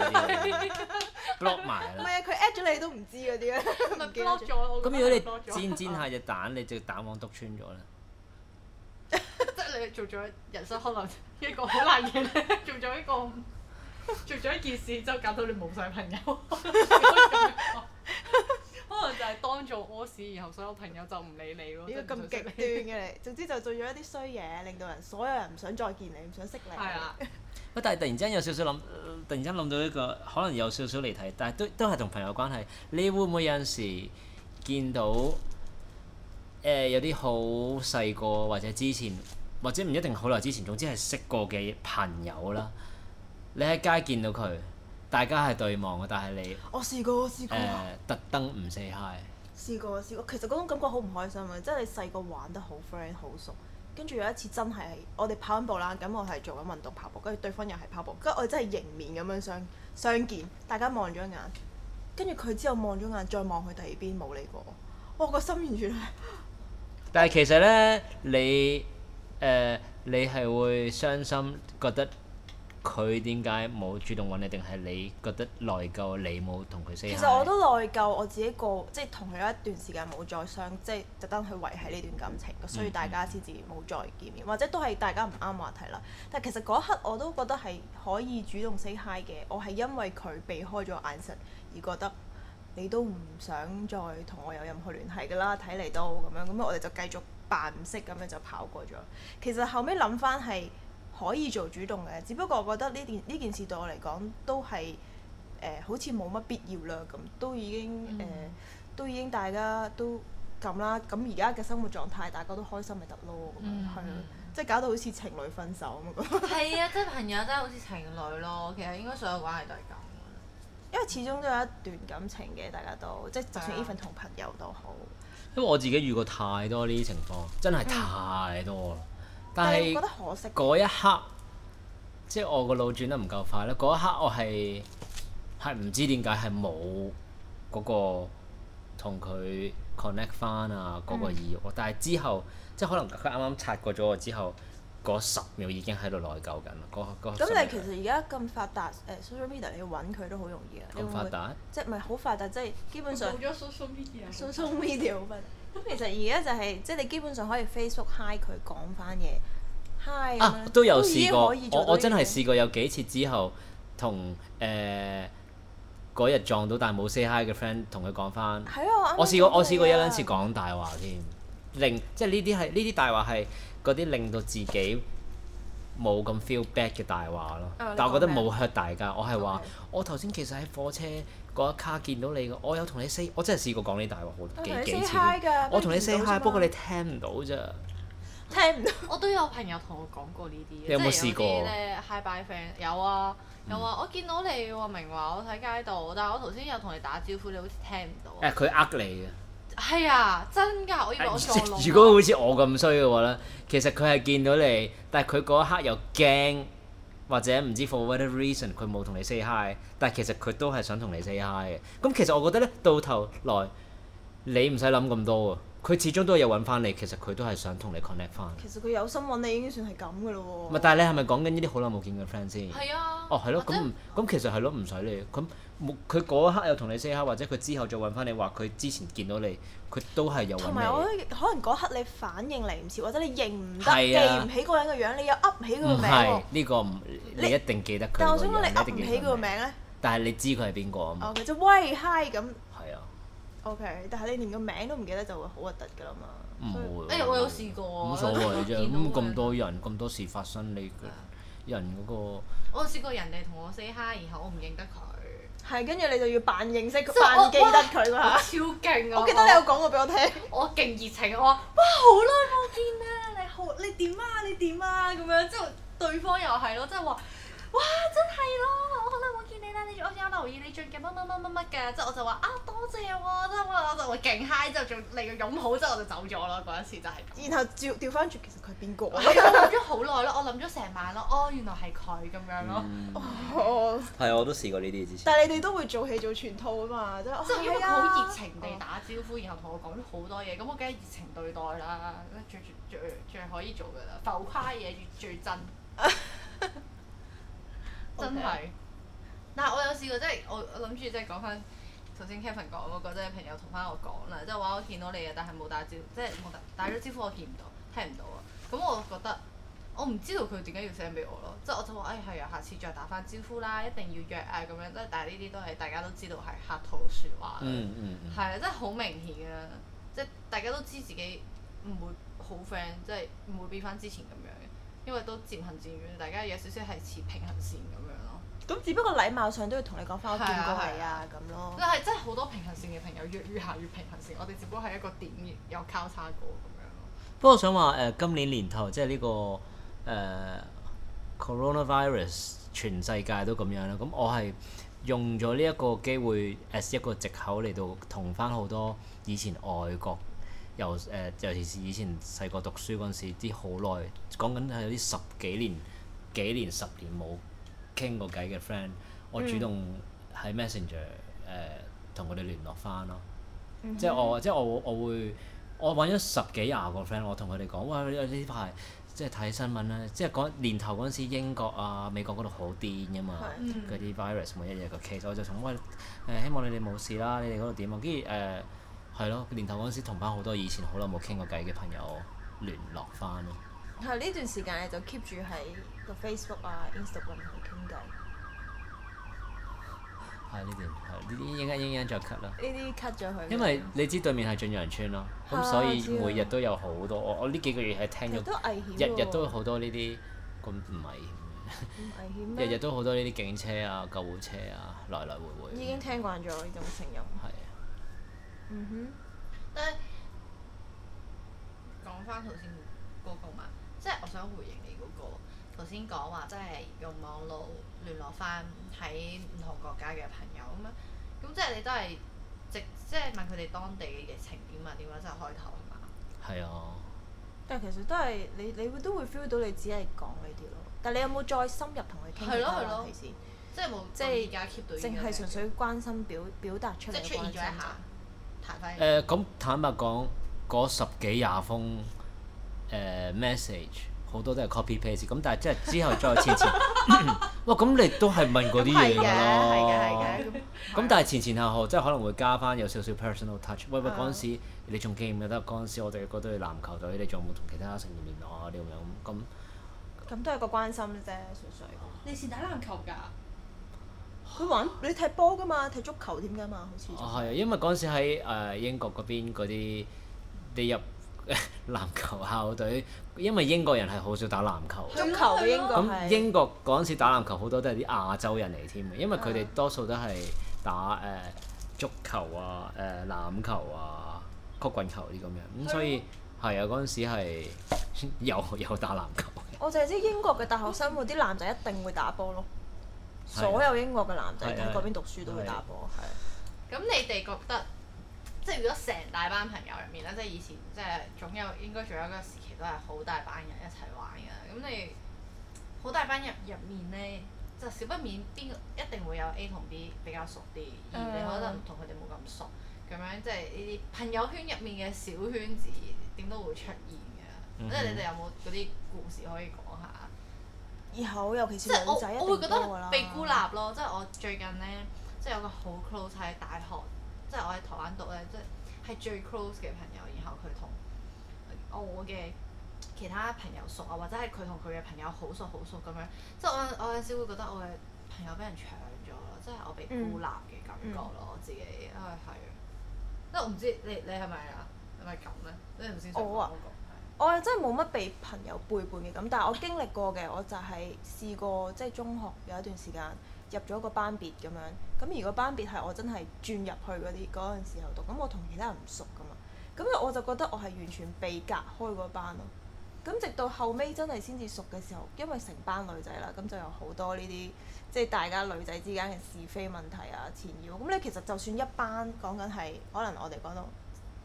，block 埋啦。唔係啊，佢 add 咗你都唔知嗰啲啊。咁如果你煎煎下隻蛋，你隻蛋黃篤穿咗咧？即係你做咗人生可能一個好難嘅做咗一個做咗一件事，之後搞到你冇晒朋友。可能就係當做屙屎，然後所有朋友就唔理你咯。呢個咁極端嘅你，總之就做咗一啲衰嘢，令到人所有人唔想再見你，唔想識你。係啦。但係突然之間有少少諗，突然之間諗到一個可能有少少離題，但係都都係同朋友關係。你會唔會有時見到誒、呃、有啲好細個或者之前或者唔一定好耐之前，總之係識過嘅朋友啦？你喺街見到佢，大家係對望嘅，但係你我試過，我試過誒，特登唔 say hi。呃、試過，試過，其實嗰種感覺好唔開心嘅，即係你細個玩得好 friend，好熟。跟住有一次真係，我哋跑緊步啦，咁我係做緊運動跑步，跟住對方又係跑步，跟住我哋真係迎面咁樣相相見，大家望咗眼，跟住佢之後望咗眼，再望佢第二邊冇理過我，哦，我個心完全係 。但係其實呢，你誒、呃、你係會傷心覺得。佢點解冇主動揾你？定係你覺得內疚你？你冇同佢 say。其實我都內疚，我自己過即係同佢有一段時間冇再相，即係特登去維係呢段感情，所以大家先至冇再見面，嗯嗯，或者都係大家唔啱話題啦。但係其實嗰一刻我都覺得係可以主動 say hi 嘅。我係因為佢避開咗眼神而覺得你都唔想再同我有任何聯繫㗎啦。睇嚟都咁樣，咁我哋就繼續扮唔識咁樣就跑過咗。其實後尾諗翻係，可以做主動嘅，只不過我覺得呢件呢件事對我嚟講都係誒、呃、好似冇乜必要啦咁，都已經誒、呃、都已經大家都咁啦，咁而家嘅生活狀態大家都開心咪、嗯、得咯，係、嗯、 啊，即係搞到好似情侶分手咁。係啊，即係朋友真係好似情侶咯，其實應該所有關係都係咁。因為始終都有一段感情嘅，大家都即係就算 even 同朋友都好。是啊、因為我自己遇過太多呢啲情況，真係太多啦。嗯嗯但，但你覺得可惜嗰一刻，即係我個腦轉得唔夠快咧。嗰一刻我係係唔知點解係冇嗰個同佢 connect 翻啊嗰、嗰個意欲。嗯、但係之後即係可能佢啱啱擦過咗我之後，嗰十秒已經喺度內疚緊啦。嗰嗰，咁你其實而家咁發達誒 social media 你要揾佢都好容易啊。咁發達即係唔係好發達？即係基本上。冇咗 social media。social media 好發達。咁其實而家就係、是，即係你基本上可以 Facebook hi 佢講翻嘢 hi 啊，樣都有試過，我，我真係試過有幾次之後，同誒嗰日撞到但冇 say hi 嘅 friend，同佢講翻，係啊，我，我試過，我試過一兩次講大話添，嗯、令即係呢啲係呢啲大話係嗰啲令到自己冇咁 feel bad 嘅大話咯。啊、但係我覺得冇 hurt 大家，我係話 Okay. 我頭先其實喺火車。嗰一卡見到你嘅，我有同你 say，我真係試過講呢大話好幾幾次。嗨我同你 say 嗨，不過你聽唔到咋。聽唔到，我都有朋友同我講過呢啲。你有冇試過？誒 hi bye friend 有啊有啊，有啊嗯、我見到你喎明華，我喺街度，但係我頭先有同你打招呼，你好似聽唔到。誒佢呃你嘅。係啊，真㗎！我以為我撞。如果好似我咁衰嘅話咧，其實佢係見到你，但係佢嗰一刻又驚。或者唔知 for whatever reason 佢冇同你 say hi，但係其實佢都係想同你 say hi 嘅。咁其實我覺得咧，到頭來你唔使諗咁多喎。佢始終都有又揾翻你，其實佢都係想同你 connect 翻。其實佢有心揾你已經算係咁嘅咯喎。但係你係咪講緊呢啲好耐冇見嘅 friend 先？係啊。哦，係咯，咁咁者其實係咯，唔使理咁。佢嗰刻又同你 say hi，或者佢之後再揾翻你，話佢之前見到你，佢都係有揾你。同埋我可能嗰刻你反應嚟唔切，或者你認唔得記唔起嗰個人嘅樣，你又噏起佢個名。呢個你一定記得佢。但我想講你噏唔起佢個名咧。但係你知佢係邊個啊嘛？就 why hi 咁。係啊。OK，但係你連個名都唔記得，就會好核突㗎啦嘛。唔呀，我有試過。冇所謂啫，咁咁多人，咁多事發生，你人嗰個。我試過人哋同我 say hi，然後我唔認得佢。係，跟住你就要扮認識佢就扮記得佢，係嘛哇？超勁啊！我記得你有講過俾我聽 我勁熱情，我話哇，好耐冇見啊！你好，你點啊？你點啊？咁樣，之後對方又係咯，即係話哇，真係咯，我好耐冇見你。你我有留意你最近乜乜乜乜乜嘅，即係我就話啊多謝喎，即係我我就勁 high，仲嚟個擁抱，之後我就走咗咯，嗰一次就係。然後調調翻轉，其實佢邊個啊？我諗咗好耐咯，我諗咗成晚咯，哦，原來係佢咁樣咯。哦。係啊，我都試過呢啲之前。但係你哋都會做戲做全套啊嘛，即係。好熱情地打招呼，然後同我講咗好多嘢，咁我梗係熱情對待啦，最最最可以做嘅啦，浮誇嘢越最真。真係。嗱，但我有試過，即係我我諗住即係講翻，頭先 Kevin 講嗰個，即係朋友同翻我講啦，即係話我見到你啊，但係冇打招呼，即係冇打咗招呼我見唔到，聽唔到啊。咁我覺得我唔知道佢點解要 send 俾我咯。即係我就話，哎係啊，下次再打翻招呼啦，一定要約啊咁樣。即係但係呢啲都係大家都知道係客套説話，係啊、嗯嗯嗯，即係好明顯啊，即係大家都知自己唔會好 friend，即係唔會變翻之前咁樣，因為都漸行漸遠，大家有少少係似平衡線咁。咁只不過禮貌上都要同你講翻我見過係啊，咁、啊、咯。但係真係好多平行線嘅朋友越越行越平行線，我哋只不過係一個點有交叉過咁樣。不過想話誒、呃，今年年頭即係呢、這個誒、呃、coronavirus，全世界都咁樣啦。咁我係用咗呢一個機會，as 一個藉口嚟到同翻好多以前外國由誒、呃，尤其是以前細個讀書嗰陣時，啲好耐講緊係有啲十幾年、幾年、十年冇。傾過偈嘅 friend，我主動喺 Messenger 誒、呃、同佢哋聯絡翻咯、mm hmm.，即係我即係我我會我揾咗十幾廿個 friend，我同佢哋講喂，呢排即係睇新聞啦，即係嗰年頭嗰陣時英國啊美國嗰度好癲㗎嘛，嗰啲 virus 每一日嘅 case，我就想喂誒、呃、希望你哋冇事啦，你哋嗰度點啊？跟住誒係咯，年頭嗰陣時同翻好多以前好耐冇傾過偈嘅朋友聯絡翻。係呢段時間咧，就 keep 住喺個 Facebook 啊、Instagram 度傾偈。係呢段，係呢啲應該應該再 cut 啦。呢啲 cut 咗佢。因為你知對面係進陽村咯，咁所以每日都有好多我我呢幾個月係聽咗，都危險日日都好多呢啲咁唔危險嘅。唔危險咩？日日都好多呢啲警車啊、救護車啊，來來回回。已經聽慣咗呢種聲音。係啊。嗯但係講翻頭先嗰個嘛。即係我想回應你嗰、嗰個頭先講話，即係用網絡聯絡翻喺唔同國家嘅朋友咁樣，咁即係你都係直即係問佢哋當地嘅疫情點啊點樣，即係開頭啊嘛。係啊。但係其實都係你你會都會 feel 到你只係講呢啲咯，但係你有冇再深入同佢傾呢個話題先？即係是冇。即係而家 keep 到，淨係純粹關心表表達出嚟。即出現咗一下，彈返嚟。誒，咁、呃、坦白講，嗰十幾廿封。誒 message 好多都係 copy paste，咁但係即係之後再切切，哇！ 咁、 哦、你都係問嗰啲嘢嘅咯。咁係嘅，係嘅，咁但係前前後後 即係可能會加翻有少少 personal touch。喂，的喂，嗰陣時你仲記唔記得？嗰陣時我哋嗰隊籃球隊，你仲有冇同其他成員聯絡啊？咁樣咁？咁都係個關心啫，純粹。你以前打籃球㗎？佢 玩？你踢波㗎嘛？踢足球添㗎嘛？好似。係啊，因為嗰陣時喺誒英國嗰邊嗰啲你入。 籃球校隊，因為英國人係好少打籃球。足球嘅英國。咁英國嗰陣時打籃球好多都係啲亞洲人嚟添，因為佢哋多數都係打誒、啊嗯、足球啊、誒籃球啊、曲棍球啲咁樣。咁所以係啊，嗰陣時係有有打籃球。我淨係知英國嘅大學生嗰啲 男仔一定會打波咯，所有英國嘅男仔喺嗰邊讀書都會打波。係。咁你哋覺得？即係如果成大班朋友入面咧，即係以前即係總有應該仲有一個時期都係好大班人一齊玩嘅，咁你好大班人入面咧，就少不免邊個一定會有 A 同 B 比較熟啲，而你可能同佢哋冇咁熟，咁、嗯、樣即係呢啲朋友圈入面嘅小圈子點都會出現嘅。嗯嗯，即係你哋有冇嗰啲故事可以講下？以後尤其是女仔，即我我會多嘅啦。覺得被孤立咯，嗯、即係我最近咧，即係有個好 close 喺大學。即係我喺台灣讀咧，即係係最 close 嘅朋友，然後佢同我嘅其他朋友熟啊，或者係佢同佢嘅朋友好熟好熟咁樣。即係我我有時會覺得我嘅朋友俾人搶咗，即係我被孤立嘅感覺咯，嗯、我自己啊係。即、哎、係我唔知你你係咪啊？你咪咁咩？即係唔知咩感覺我啊，那個、我真係冇乜被朋友背叛嘅感，但係我經歷過嘅，我就係試過即係中學有一段時間。入咗個班別咁樣，咁如果班別係我真係轉入去嗰啲嗰陣時候讀，咁我同其他人唔熟㗎嘛，咁我就覺得我係完全被隔開嗰班咯。咁直到後尾真係先至熟嘅時候，因為成班女仔啦，咁就有好多呢啲即係大家女仔之間嘅是非問題啊、纏繞。咁你其實就算一班講緊係，可能我哋講到。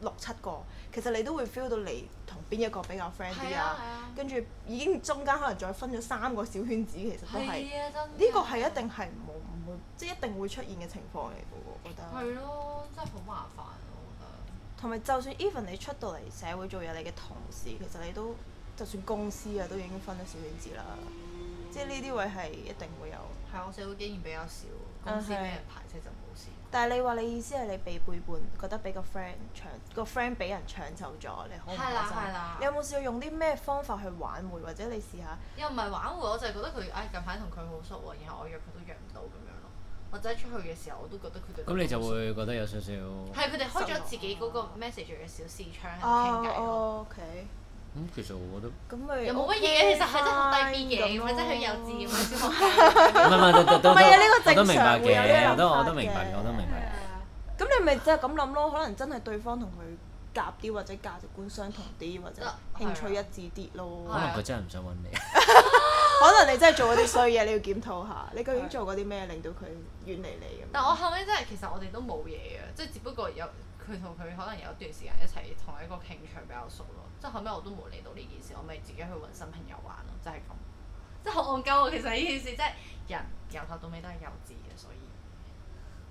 六七個，其實你都會 feel 到你同邊一個比較 friend 啲啊，跟住、啊啊、已經中間可能再分咗三個小圈子，其實都係呢、啊、個係一定係冇唔會，即、就、係、是、一定會出現嘅情況嚟嘅喎，我覺得係咯、啊，真係好麻煩同、啊、埋就算 even 你出到嚟社會做嘢，你嘅同事、啊、其實你都，就算公司啊，都已經分咗小圈子啦，嗯、即係呢啲位係一定會有。係、啊、我社會經驗比較少，公司俾人排斥就。但係你話你意思係你被背叛，覺得俾個 friend 搶，嗯、個 friend 俾人搶走咗，你好唔開心？你有冇試過用啲咩方法去挽回，或者你試下？又唔係挽回，我就係覺得佢，唉、哎，近排同佢好熟喎，然後我約佢都約唔到咁樣咯。或者出去嘅時候我都覺得佢哋咁，你就會覺得有少少係佢哋開咗自己嗰個 message 嘅小視窗喺度傾偈。容 okay 咁其實我覺得，又冇乜嘢嘅，其實係真係好低 B 嘅，或者真幼稚嘅，唔係唔係，都都都都都明白嘅，我都我都明白嘅，我都明白。咁你咪即係咁諗咯，可能真係對方同佢夾啲，或者價值觀相同啲，或者興趣一致啲咯。可能佢真係唔想揾你。可能你真係做嗰啲衰嘢，你要檢討下，你究竟做過啲咩令到佢遠離你咁？但我後尾真係，其實我哋都冇嘢嘅，即係只不過有。佢同佢可能有一段時間一齊同一個傾向比較熟咯，即係後尾我都冇理到呢件事，我咪自己去揾新朋友玩咯，就係咁。即係好戇鳩。其實呢件事即係人由頭到尾都係幼稚嘅，所以。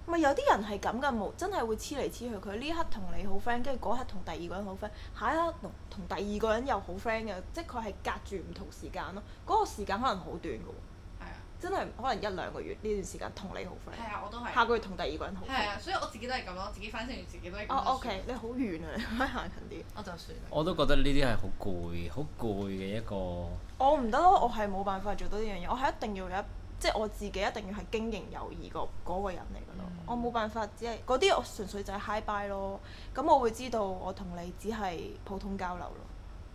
咪有啲人係咁㗎，冇真係會黐嚟黐去。佢呢刻同你好 friend，跟住嗰刻同第二個人好 friend，下一刻同第二個人又好 friend 嘅，即係佢係隔住唔同時間咯。嗰個時間可能好短㗎喎。真係可能一兩個月呢段時間同你好 friend，係啊，我都係。下個月同第二個人好 friend。係啊，所以我自己都係咁咯，自己反省完自己都係。哦，OK，你好遠啊，你咩行近啲？我就算。我都覺得呢啲係好攰，好攰嘅一個。我唔得咯，我係冇辦法做到呢樣嘢。我係一定要有一，即係我自己一定要係經營友誼個嗰個人嚟嘅咯。嗯，我冇辦法，只係嗰啲我純粹就係 high bye 咯。咁我會知道我同你只係普通交流咯。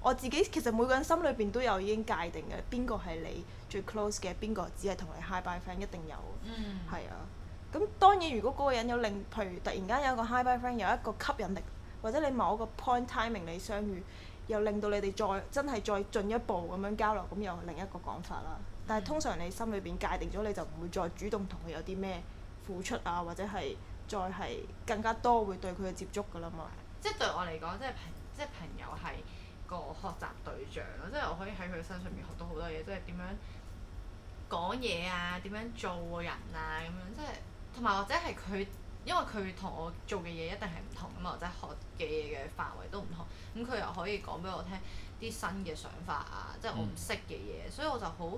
我自己其實每個人心裏邊都有已經界定嘅邊個係你最 close 嘅，邊個只係同你 hi bye friend 一定有，嗯，係啊。咁當然如果嗰個人有令，譬如突然間有個 hi bye friend 有一個吸引力，或者你某一個 point timing 你相遇，又令到你哋再真係再進一步咁樣交流，咁又另一個講法啦。但係通常你心裏邊界定咗，你就唔會再主動同佢有啲咩付出啊，或者係再係更加多會對佢嘅接觸㗎啦嘛。即係對我嚟講，即係即係朋友係。個學習對象咯，即係我可以喺佢身上面學到好多嘢，即係點樣講嘢啊，點樣做人啊，咁樣即係同埋或者係佢，因為佢同我做嘅嘢一定係唔同㗎嘛，或者學嘅嘢嘅範圍都唔同，咁佢又可以講畀我聽啲新嘅想法啊，即係我唔識嘅嘢，所以我就好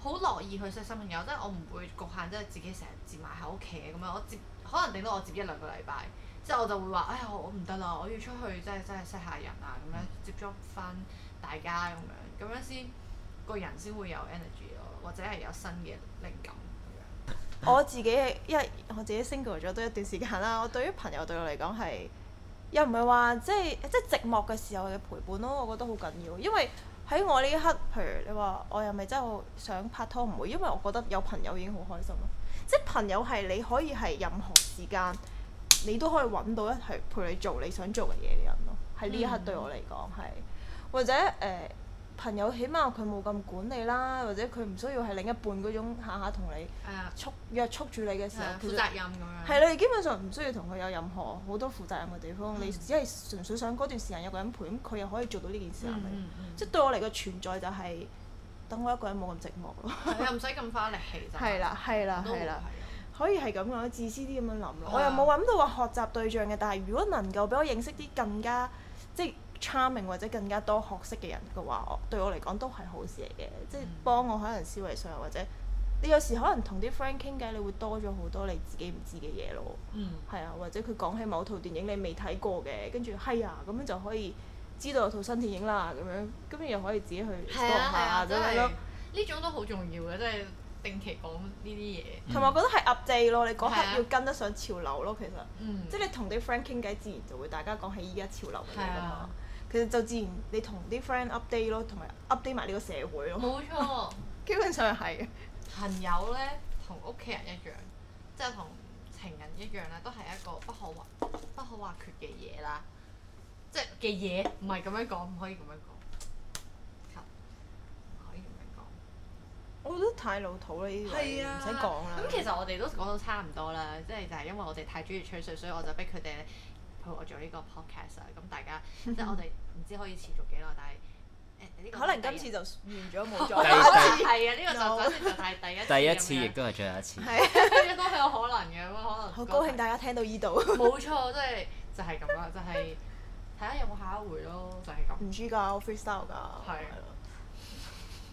好樂意去識新朋友，即係我唔會局限，即係自己成日接埋喺屋企咁樣，我接可能頂多我接一兩個禮拜。之後我就會話，哎呀，我唔得啦，我要出去，真係真係識下人啊，咁樣接觸翻大家咁樣，咁樣先個人先會有 energy 咯，或者係有新嘅靈感 我自己因為我自己 single 咗都一段時間啦，我對於朋友對我嚟講係又唔係話即係即係寂寞嘅時候嘅陪伴咯，我覺得好緊要，因為喺我呢一刻，譬如你話我又咪真係想拍拖唔會，因為我覺得有朋友已經好開心咯。即係朋友係你可以係任何時間。你都可以揾到一係陪你做你想做嘅嘢嘅人咯，喺呢一刻對我嚟講係，或者誒朋友起碼佢冇咁管你啦，或者佢唔需要係另一半嗰種下下同你束約束住你嘅時候負責任咁樣，係啦，你基本上唔需要同佢有任何好多負責任嘅地方，你只係純粹想嗰段時間有個人陪，咁佢又可以做到呢件事係咪？即係對我嚟嘅存在就係等我一個人冇咁寂寞，又唔使咁花力氣就係啦，係啦，係啦。可以係咁樣，自私啲咁樣諗咯。哇我又冇揾到話學習對象嘅，但係如果能夠俾我認識啲更加即係 charming 或者更加多學識嘅人嘅話，對我嚟講都係好事嚟嘅，嗯、即係幫我可能思維上或者你有時可能同啲 friend 傾偈，你會多咗好多你自己唔知嘅嘢咯。係啊、嗯，或者佢講起某套電影你未睇過嘅，跟住係啊，咁、hey, 樣就可以知道有套新電影啦，咁樣咁又可以自己去 support 下咁樣咯。呢種都好重要嘅，真係、啊。定期講呢啲嘢，同埋、嗯、我覺得係 update 咯，你嗰刻要跟得上潮流咯，其實，嗯、即係你同啲 friend 傾偈，自然就會大家講起依家潮流嘅嘢噶嘛。嗯、其實就自然你同啲 friend update 咯，同埋 update 埋呢個社會咯。冇錯， 基本上係。朋友咧，同屋企人一樣，即係同情人一樣咧，都係一個不可或不可或缺嘅嘢啦。即係嘅嘢，唔係咁樣講，唔可以咁樣講。我覺得太老土啦！依個係啊，唔使講啦。咁其實我哋都講到差唔多啦，即係就係因為我哋太中意吹水，所以我就逼佢哋去做呢個 podcast 啊。咁大家即係我哋唔知可以持續幾耐，但係可能今次就完咗冇咗啦。係啊，呢個就第一第一次，亦都係最後一次。係都係有可能嘅，咁可能。好高興大家聽到依度。冇錯，即係就係咁啦，就係睇下有冇下一回咯，就係咁。唔知㗎，我 freestyle 㗎。